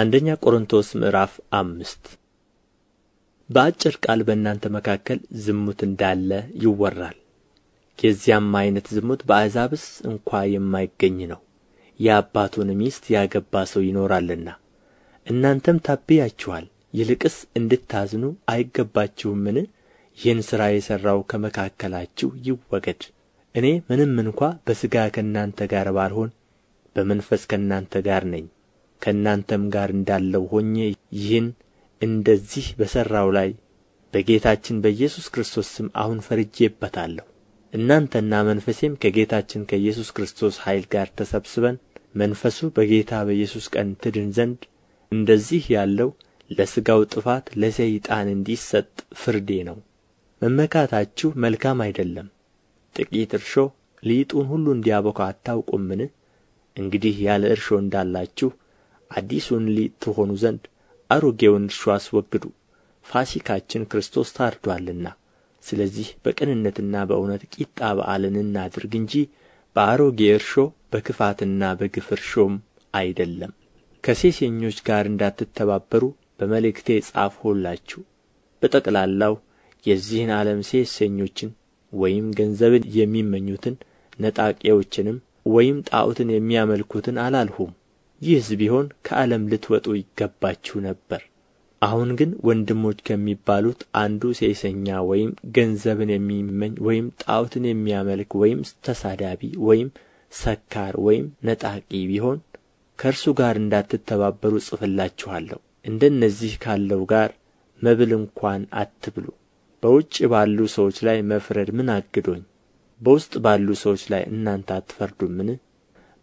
አንደኛ ቆሮንቶስ ምዕራፍ አምስት በአጭር ቃል በእናንተ መካከል ዝሙት እንዳለ ይወራል የዚያም አይነት ዝሙት በአሕዛብስ እንኳ የማይገኝ ነው የአባቱን ሚስት ያገባ ሰው ይኖራልና እናንተም ታብያችኋል ይልቅስ እንድታዝኑ አይገባችሁምን ይህን ሥራ የሠራው ከመካከላችሁ ይወገድ እኔ ምንም እንኳ በሥጋ ከእናንተ ጋር ባልሆን በመንፈስ ከእናንተ ጋር ነኝ ከእናንተም ጋር እንዳለው ሆኜ ይህን እንደዚህ በሠራው ላይ በጌታችን በኢየሱስ ክርስቶስ ስም አሁን ፈርጄበታለሁ እናንተና መንፈሴም ከጌታችን ከኢየሱስ ክርስቶስ ኃይል ጋር ተሰብስበን መንፈሱ በጌታ በኢየሱስ ቀን ትድን ዘንድ እንደዚህ ያለው ለሥጋው ጥፋት ለሰይጣን እንዲሰጥ ፍርዴ ነው። መመካታችሁ መልካም አይደለም። ጥቂት እርሾ ሊጡን ሁሉ እንዲያቦካ አታውቁምን? እንግዲህ ያለ እርሾ እንዳላችሁ አዲሱን ሊጥ ትሆኑ ዘንድ አሮጌውን እርሾ አስወግዱ ፋሲካችን ክርስቶስ ታርዷልና ስለዚህ በቅንነትና በእውነት ቂጣ በዓልን እናድርግ እንጂ በአሮጌ እርሾ በክፋትና በግፍ እርሾም አይደለም ከሴሰኞች ጋር እንዳትተባበሩ በመልእክቴ ጻፍሁላችሁ በጠቅላላው የዚህን ዓለም ሴሰኞችን ወይም ገንዘብን የሚመኙትን ነጣቂዎችንም ወይም ጣዖትን የሚያመልኩትን አላልሁም ይህስ ቢሆን ከዓለም ልትወጡ ይገባችሁ ነበር አሁን ግን ወንድሞች ከሚባሉት አንዱ ሴሰኛ ወይም ገንዘብን የሚመኝ ወይም ጣዖትን የሚያመልክ ወይም ተሳዳቢ ወይም ሰካር ወይም ነጣቂ ቢሆን ከእርሱ ጋር እንዳትተባበሩ እጽፍላችኋለሁ። እንደነዚህ ካለው ጋር መብል እንኳን አትብሉ። በውጭ ባሉ ሰዎች ላይ መፍረድ ምን አግዶኝ? በውስጥ ባሉ ሰዎች ላይ እናንተ አትፈርዱምን?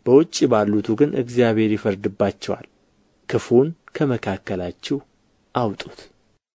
በውጭ ባሉቱ ግን እግዚአብሔር ይፈርድባቸዋል ክፉውን ከመካከላችሁ አውጡት